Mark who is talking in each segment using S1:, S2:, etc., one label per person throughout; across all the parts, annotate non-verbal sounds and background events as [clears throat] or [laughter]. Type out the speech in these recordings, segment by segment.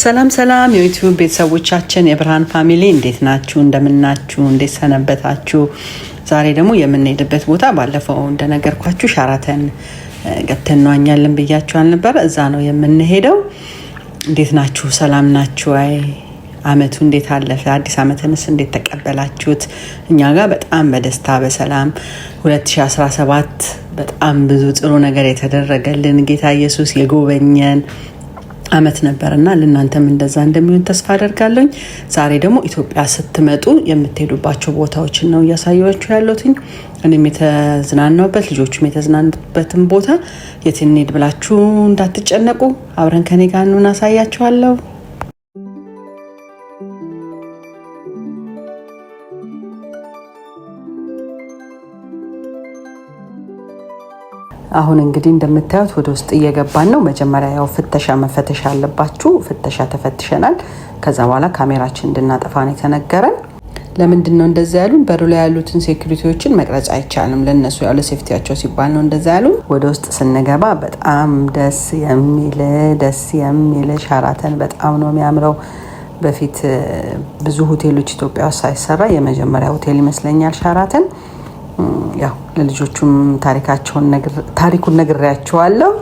S1: ሰላም ሰላም የዩቲዩብ ቤተሰቦቻችን የብርሃን ፋሚሊ እንዴት ናችሁ? እንደምናችሁ? እንዴት ሰነበታችሁ? ዛሬ ደግሞ የምንሄድበት ቦታ ባለፈው እንደነገርኳችሁ ሸራተን ገብተን እንዋኛለን ብያችሁ አልነበረ? እዛ ነው የምንሄደው። እንዴት ናችሁ? ሰላም ናችሁ? አይ አመቱ እንዴት አለፈ? አዲስ አመትንስ እንዴት ተቀበላችሁት? እኛ ጋር በጣም በደስታ በሰላም 2017 በጣም ብዙ ጥሩ ነገር የተደረገልን ጌታ ኢየሱስ የጎበኘን አመት ነበር እና ለእናንተም እንደዛ እንደሚሆን ተስፋ አደርጋለኝ። ዛሬ ደግሞ ኢትዮጵያ ስትመጡ የምትሄዱባቸው ቦታዎችን ነው እያሳየኋችሁ ያለሁትኝ። እኔም የተዝናናውበት ልጆችም የተዝናኑበትን ቦታ የት ብላችሁ እንዳትጨነቁ፣ አብረን ከኔ ጋር አሳያችኋለሁ። አሁን እንግዲህ እንደምታዩት ወደ ውስጥ እየገባን ነው። መጀመሪያ ያው ፍተሻ መፈተሻ አለባችሁ። ፍተሻ ተፈትሸናል። ከዛ በኋላ ካሜራችን እንድናጠፋ ነው የተነገረን። ለምንድን ነው እንደዛ ያሉን? በሩ ላይ ያሉትን ሴኩሪቲዎችን መቅረጽ አይቻልም። ለነሱ ያው ለሴፍቲያቸው ሲባል ነው እንደዛ ያሉን። ወደ ውስጥ ስንገባ በጣም ደስ የሚል ደስ የሚል ሸራተን በጣም ነው የሚያምረው። በፊት ብዙ ሆቴሎች ኢትዮጵያ ውስጥ ሳይሰራ የመጀመሪያ ሆቴል ይመስለኛል ሸራተን ያው ለልጆቹም ታሪካቸውን ታሪኩን ነግሬያቸዋለሁ።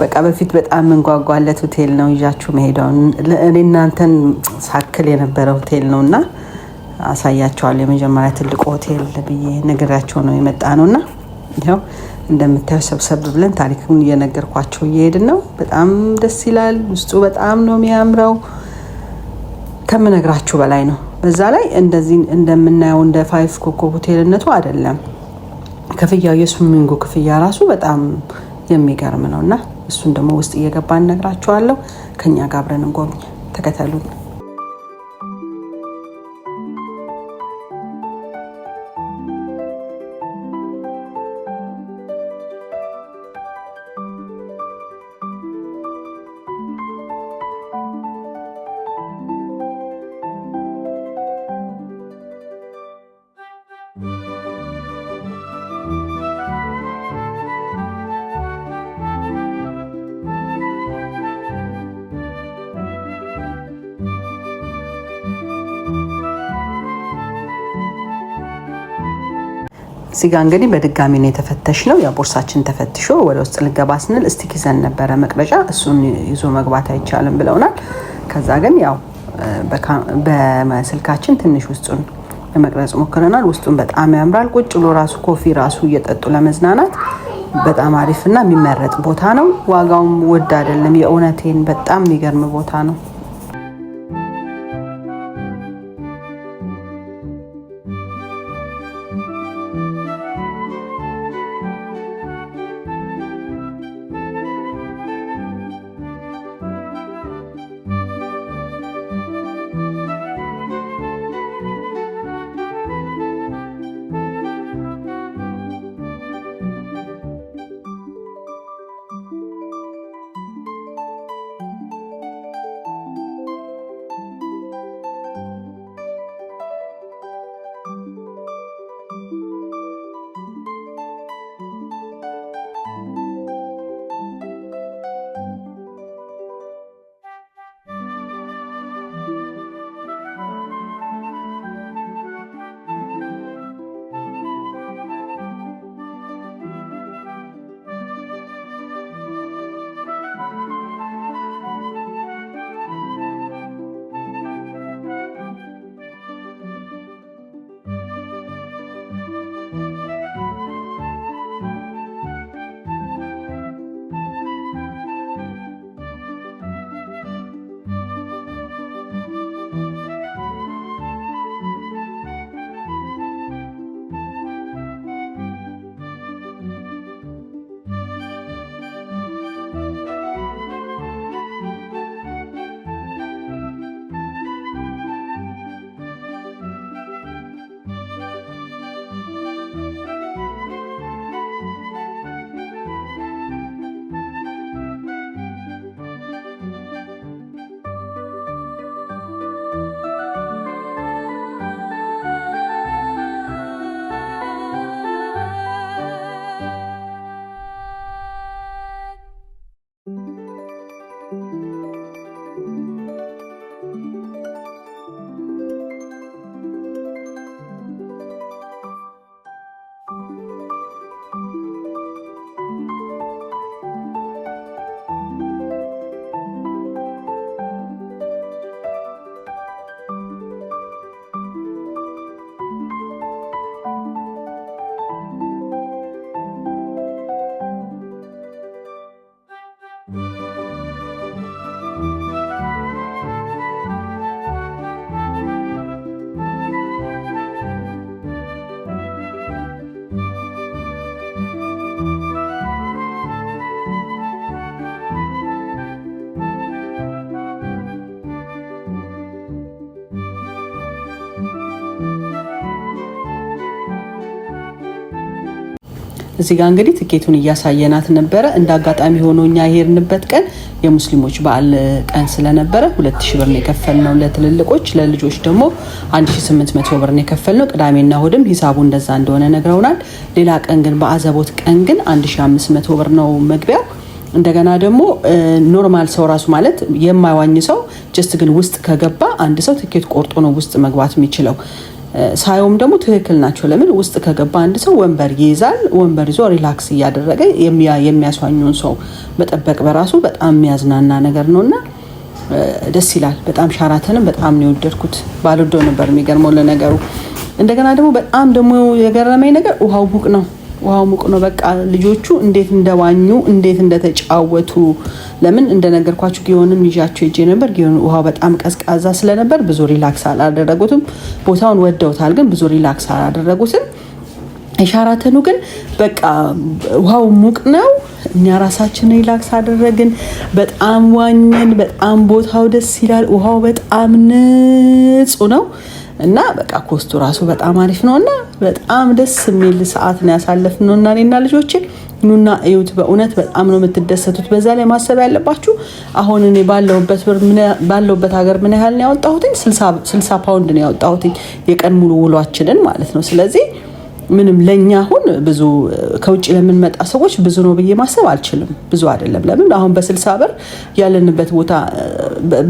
S1: በቃ በፊት በጣም የምንጓጓለት ሆቴል ነው ይዣችሁ መሄደውን እኔ እናንተን ሳክል የነበረ ሆቴል ነው እና አሳያቸዋለሁ። የመጀመሪያ ትልቁ ሆቴል ብዬ ነግሬያቸው ነው የመጣ ነው እና ያው እንደምታየው ሰብሰብ ብለን ታሪኩን እየነገርኳቸው እየሄድን ነው። በጣም ደስ ይላል። ውስጡ በጣም ነው የሚያምረው ከምነግራችሁ በላይ ነው። በዛ ላይ እንደዚህ እንደምናየው እንደ ፋይፍ ኮከብ ሆቴልነቱ አይደለም። ክፍያው የስዊሚንጉ ክፍያ ራሱ በጣም የሚገርም ነው እና እሱን ደግሞ ውስጥ እየገባ እነግራችኋለሁ። ከኛ ጋር አብረን እንጎብኝ። ተከተሉን። እዚጋ እንግዲህ በድጋሚ ነው የተፈተሽ ነው። ያው ቦርሳችን ተፈትሾ ወደ ውስጥ ልገባ ስንል እስቲክ ይዘን ነበረ መቅረጫ፣ እሱን ይዞ መግባት አይቻልም ብለውናል። ከዛ ግን ያው በስልካችን ትንሽ ውስጡን ለመቅረጽ ሞክረናል። ውስጡን በጣም ያምራል። ቁጭ ብሎ ራሱ ኮፊ ራሱ እየጠጡ ለመዝናናት በጣም አሪፍና የሚመረጥ ቦታ ነው። ዋጋውም ውድ አይደለም። የእውነቴን በጣም የሚገርም ቦታ ነው። እዚህ ጋር እንግዲህ ትኬቱን እያሳየናት ነበረ። እንደ አጋጣሚ ሆኖ እኛ የሄድንበት ቀን የሙስሊሞች በዓል ቀን ስለነበረ ሁለት ሺ ብር ነው የከፈልነው ለትልልቆች፣ ለልጆች ደግሞ አንድ ሺ ስምንት መቶ ብር ነው የከፈልነው። ቅዳሜና እሁድም ሂሳቡ እንደዛ እንደሆነ ነግረውናል። ሌላ ቀን ግን በአዘቦት ቀን ግን አንድ ሺ አምስት መቶ ብር ነው መግቢያው። እንደገና ደግሞ ኖርማል ሰው ራሱ ማለት የማይዋኝ ሰው ጀስት ግን ውስጥ ከገባ አንድ ሰው ትኬት ቆርጦ ነው ውስጥ መግባት የሚችለው። ሳየውም ደግሞ ትክክል ናቸው። ለምን ውስጥ ከገባ አንድ ሰው ወንበር ይይዛል። ወንበር ይዞ ሪላክስ እያደረገ የሚያስዋኘውን ሰው መጠበቅ በራሱ በጣም የሚያዝናና ነገር ነው እና ደስ ይላል። በጣም ሻራተንም በጣም ነው የወደድኩት። ባልወደው ነበር የሚገርመው ለነገሩ። እንደገና ደግሞ በጣም ደግሞ የገረመኝ ነገር ውሃው ቡቅ ነው። ውሃው ሙቅ ነው። በቃ ልጆቹ እንዴት እንደዋኙ እንዴት እንደተጫወቱ ለምን እንደነገርኳችሁ ጊዮንም ይዣቸው ሄጄ ነበር። ጊዮን ውሃው በጣም ቀዝቃዛ ስለነበር ብዙ ሪላክስ አላደረጉትም። ቦታውን ወደውታል፣ ግን ብዙ ሪላክስ አላደረጉትም። የሻራተኑ ግን በቃ ውሃው ሙቅ ነው። እኛ ራሳችን ሪላክስ አደረግን። በጣም ዋኘን። በጣም ቦታው ደስ ይላል። ውሃው በጣም ንጹህ ነው። እና በቃ ኮስቱ ራሱ በጣም አሪፍ ነው እና በጣም ደስ የሚል ሰዓት ነው ያሳለፍነው እና እኔና ልጆቼ ኑና እዩት። በእውነት በጣም ነው የምትደሰቱት። በዛ ላይ ማሰብ ያለባችሁ አሁን እኔ ባለሁበት ሀገር ምን ያህል ነው ያወጣሁትኝ? ስልሳ ፓውንድ ነው ያወጣሁትኝ የቀን ሙሉ ውሏችንን ማለት ነው። ስለዚህ ምንም ለእኛ አሁን ብዙ ከውጭ ለምንመጣ ሰዎች ብዙ ነው ብዬ ማሰብ አልችልም። ብዙ አይደለም። ለምን አሁን በስልሳ ብር ያለንበት ቦታ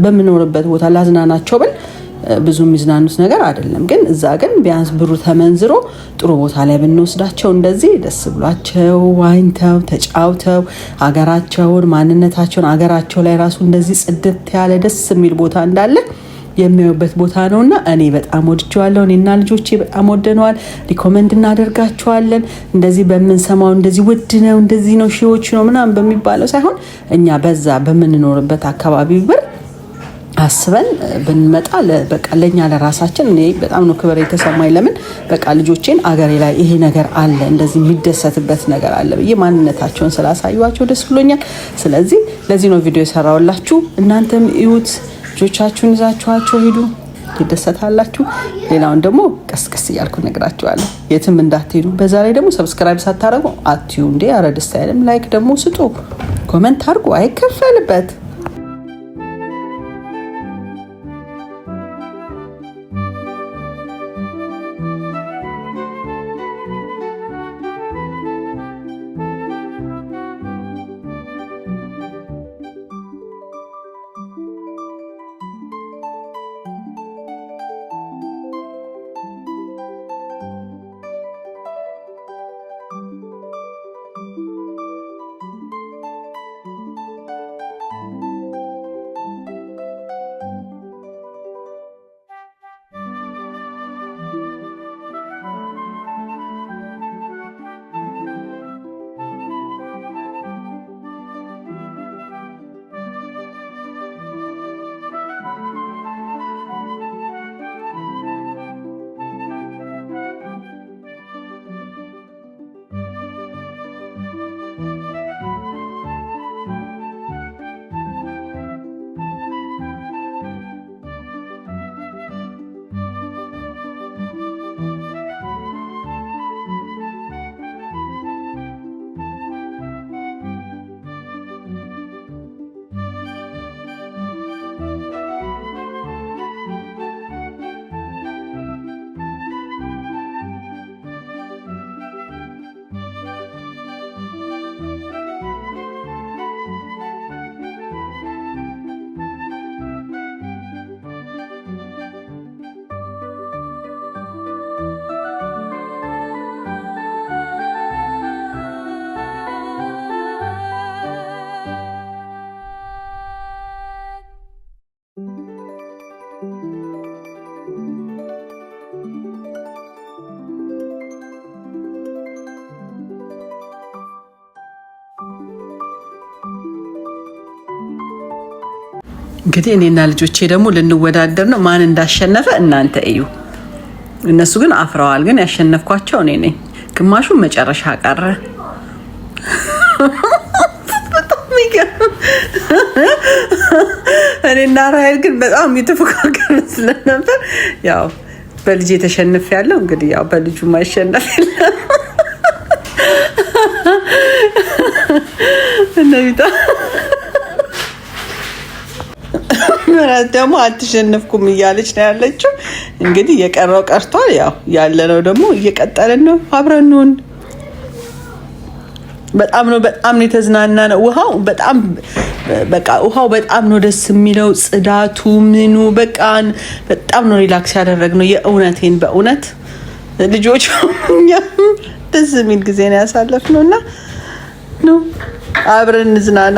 S1: በምኖርበት ቦታ ላዝናናቸው ብል ብዙ የሚዝናኑት ነገር አይደለም። ግን እዛ ግን ቢያንስ ብሩ ተመንዝሮ ጥሩ ቦታ ላይ ብንወስዳቸው እንደዚህ ደስ ብሏቸው ዋኝተው ተጫውተው ሀገራቸውን፣ ማንነታቸውን ሀገራቸው ላይ ራሱ እንደዚህ ጽድት ያለ ደስ የሚል ቦታ እንዳለ የሚያዩበት ቦታ እና እኔ በጣም ወድጀዋለሁ። እኔና ልጆቼ በጣም ወደነዋል። ሪኮመንድ እናደርጋቸዋለን። እንደዚህ በምንሰማው እንደዚህ ውድ ነው እንደዚህ ነው ሺዎች ነው ምናምን በሚባለው ሳይሆን እኛ በዛ በምንኖርበት አካባቢ ብር አስበን ብንመጣ በቃ ለእኛ ለራሳችን እኔ በጣም ነው ክብር የተሰማኝ። ለምን በቃ ልጆቼን አገሬ ላይ ይሄ ነገር አለ እንደዚህ የሚደሰትበት ነገር አለ ብዬ ማንነታቸውን ስላሳዩቸው ደስ ብሎኛል። ስለዚህ ለዚህ ነው ቪዲዮ የሰራውላችሁ። እናንተም እዩት፣ ልጆቻችሁን ይዛችኋቸው ሂዱ፣ ትደሰታላችሁ። ሌላውን ደግሞ ቀስቀስ እያልኩ ነግራችኋለሁ። የትም እንዳትሄዱ። በዛ ላይ ደግሞ ሰብስክራይብ ሳታደረጉ አትዩ እንዴ! አረ ደስ አይልም? ላይክ ደግሞ ስጡ፣ ኮመንት አድርጉ፣ አይከፈልበት እንግዲህ እኔና ልጆቼ ደግሞ ልንወዳደር ነው። ማን እንዳሸነፈ እናንተ እዩ። እነሱ ግን አፍረዋል። ግን ያሸነፍኳቸው እኔ ነኝ። ግማሹን መጨረሻ ቀረ። እኔና ራሄል ግን በጣም የተፎካከር ስለነበር ያው በልጅ የተሸንፍ ያለው እንግዲህ ያው በልጁ ማይሸነፍ የለም። ምህረት ደግሞ አልተሸነፍኩም እያለች ነው ያለችው። እንግዲህ የቀረው ቀርቷል። ያው ነው ደግሞ እየቀጠልን ነው። አብረን በጣም ነው በጣም ነው የተዝናና ነው። ውሃው በጣም በቃ ውሃው በጣም ነው ደስ የሚለው ጽዳቱ፣ ምኑ በቃ በጣም ነው ሪላክስ ያደረግ ነው። የእውነቴን በእውነት ልጆች ደስ የሚል ጊዜ ነው ያሳለፍ ነው እና ነው አብረን እንዝናና።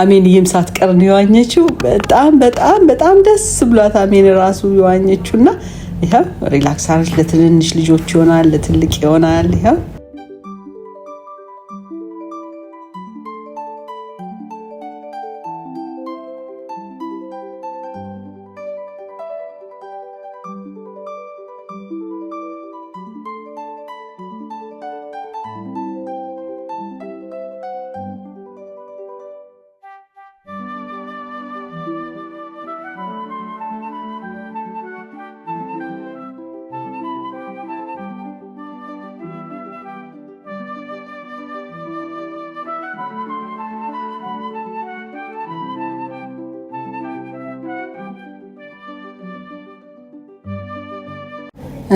S1: አሜን ይምሳት ቀርን የዋኘችው በጣም በጣም በጣም ደስ ብሏት አሜን ራሱ የዋኘችውና ይኸው ሪላክስ አረች። ለትንንሽ ልጆች ይሆናል፣ ለትልቅ ይሆናል። ይኸው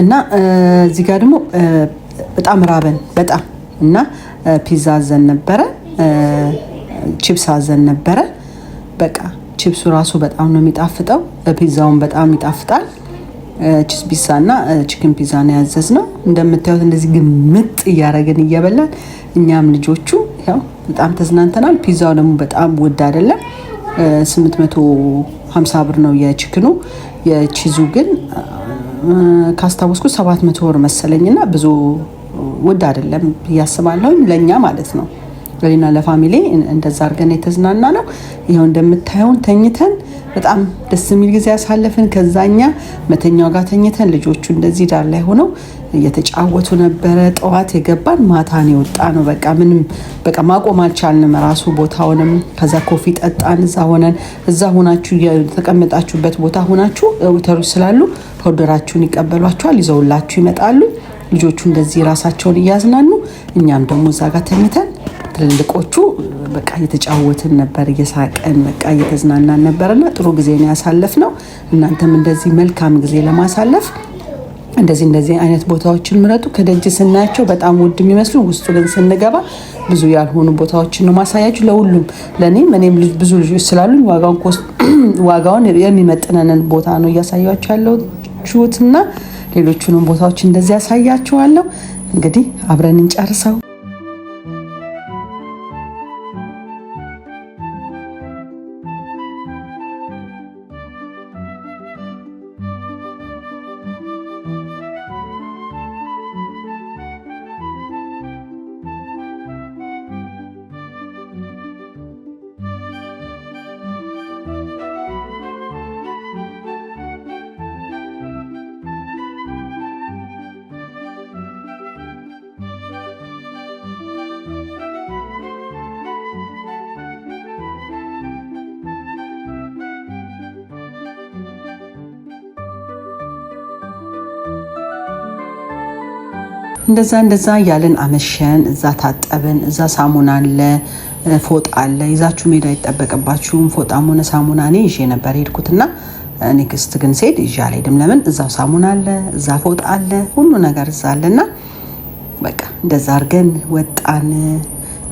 S1: እና እዚህ ጋር ደግሞ በጣም ራበን በጣም እና ፒዛ አዘን ነበረ፣ ቺፕስ አዘን ነበረ። በቃ ቺፕሱ ራሱ በጣም ነው የሚጣፍጠው፣ ፒዛውን በጣም ይጣፍጣል። ቺስ ፒዛ እና ቺክን ፒዛ ነው ያዘዝ ነው። እንደምታዩት እንደዚህ ግምጥ እያደረግን እየበላን እኛም ልጆቹ ያው በጣም ተዝናንተናል። ፒዛው ደግሞ በጣም ውድ አይደለም፣ 850 ብር ነው የቺክኑ። የቺዙ ግን ካስታወስኩ ሰባት መቶ ብር መሰለኝና ብዙ ውድ አይደለም እያስባለሁኝ ለእኛ ማለት ነው ለሌና ለፋሚሊ እንደዛ አድርገን የተዝናና ነው። ይኸው እንደምታየውን ተኝተን በጣም ደስ የሚል ጊዜ ያሳለፍን። ከዛኛ መተኛው ጋር ተኝተን ልጆቹ እንደዚህ ዳር ላይ ሆነው እየተጫወቱ ነበረ። ጠዋት የገባን ማታን የወጣ ነው። በቃ ምንም በቃ ማቆም አልቻልንም። ራሱ ቦታውንም ከዛ ኮፊ ጠጣን። እዛ ሆነን እዛ ሆናችሁ የተቀመጣችሁበት ቦታ ሆናችሁ ተሩ ስላሉ ፎልደራችሁን ይቀበሏችኋል፣ ይዘውላችሁ ይመጣሉ። ልጆቹ እንደዚህ ራሳቸውን እያዝናኑ እኛም ደግሞ እዛ ጋር ተኝተን ትልልቆቹ በቃ እየተጫወትን ነበር፣ እየሳቀን በቃ እየተዝናናን ነበርና ጥሩ ጊዜ ነው ያሳለፍ ነው። እናንተም እንደዚህ መልካም ጊዜ ለማሳለፍ እንደዚህ እንደዚህ አይነት ቦታዎችን ምረጡ። ከደጅ ስናያቸው በጣም ውድ የሚመስሉ ውስጡ ግን ስንገባ ብዙ ያልሆኑ ቦታዎችን ነው ማሳያችሁ። ለሁሉም ለእኔም እኔም ብዙ ልጆች ስላሉኝ [clears throat] ዋጋውን የሚመጥነንን ቦታ ነው እያሳያችሁ ያለው። እንዳያችሁትና ሌሎቹንም ቦታዎች እንደዚህ ያሳያችኋለሁ። እንግዲህ አብረን እንጨርሰው። እንደዛ እንደዛ እያልን አመሸን። እዛ ታጠብን። እዛ ሳሙና አለ፣ ፎጣ አለ። ይዛችሁ ሜዳ አይጠበቅባችሁም። ፎጣም ሆነ ሳሙና እኔ ይዤ ነበር ሄድኩትና ኔክስት ግን ስሄድ ይዤ አልሄድም። ለምን እዛው ሳሙና አለ፣ እዛ ፎጣ አለ፣ ሁሉ ነገር እዛ አለና በቃ እንደዛ አድርገን ወጣን።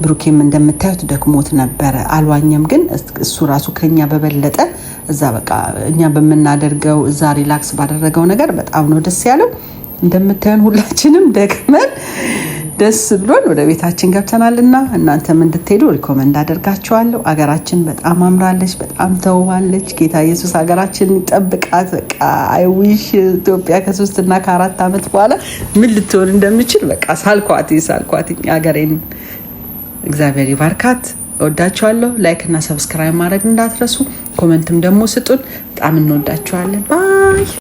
S1: ብሩኬም እንደምታዩት ደክሞት ነበረ፣ አልዋኘም። ግን እሱ ራሱ ከኛ በበለጠ እዛ በቃ እኛ በምናደርገው እዛ ሪላክስ ባደረገው ነገር በጣም ነው ደስ ያለው። እንደምታዩን ሁላችንም ደግመን ደስ ብሎን ወደ ቤታችን ገብተናልና እናንተም እንድትሄዱ ሪኮመንድ አደርጋችኋለሁ። አገራችን በጣም አምራለች፣ በጣም ተውባለች። ጌታ ኢየሱስ ሀገራችን ይጠብቃት። በቃ አይዊሽ ኢትዮጵያ ከሶስት እና ከአራት ዓመት በኋላ ምን ልትሆን እንደምችል በቃ ሳልኳት ሳልኳት አገሬን እግዚአብሔር ይባርካት። እወዳችኋለሁ። ላይክ እና ሰብስክራይብ ማድረግ እንዳትረሱ። ኮመንትም ደግሞ ስጡን። በጣም እንወዳችኋለን ባይ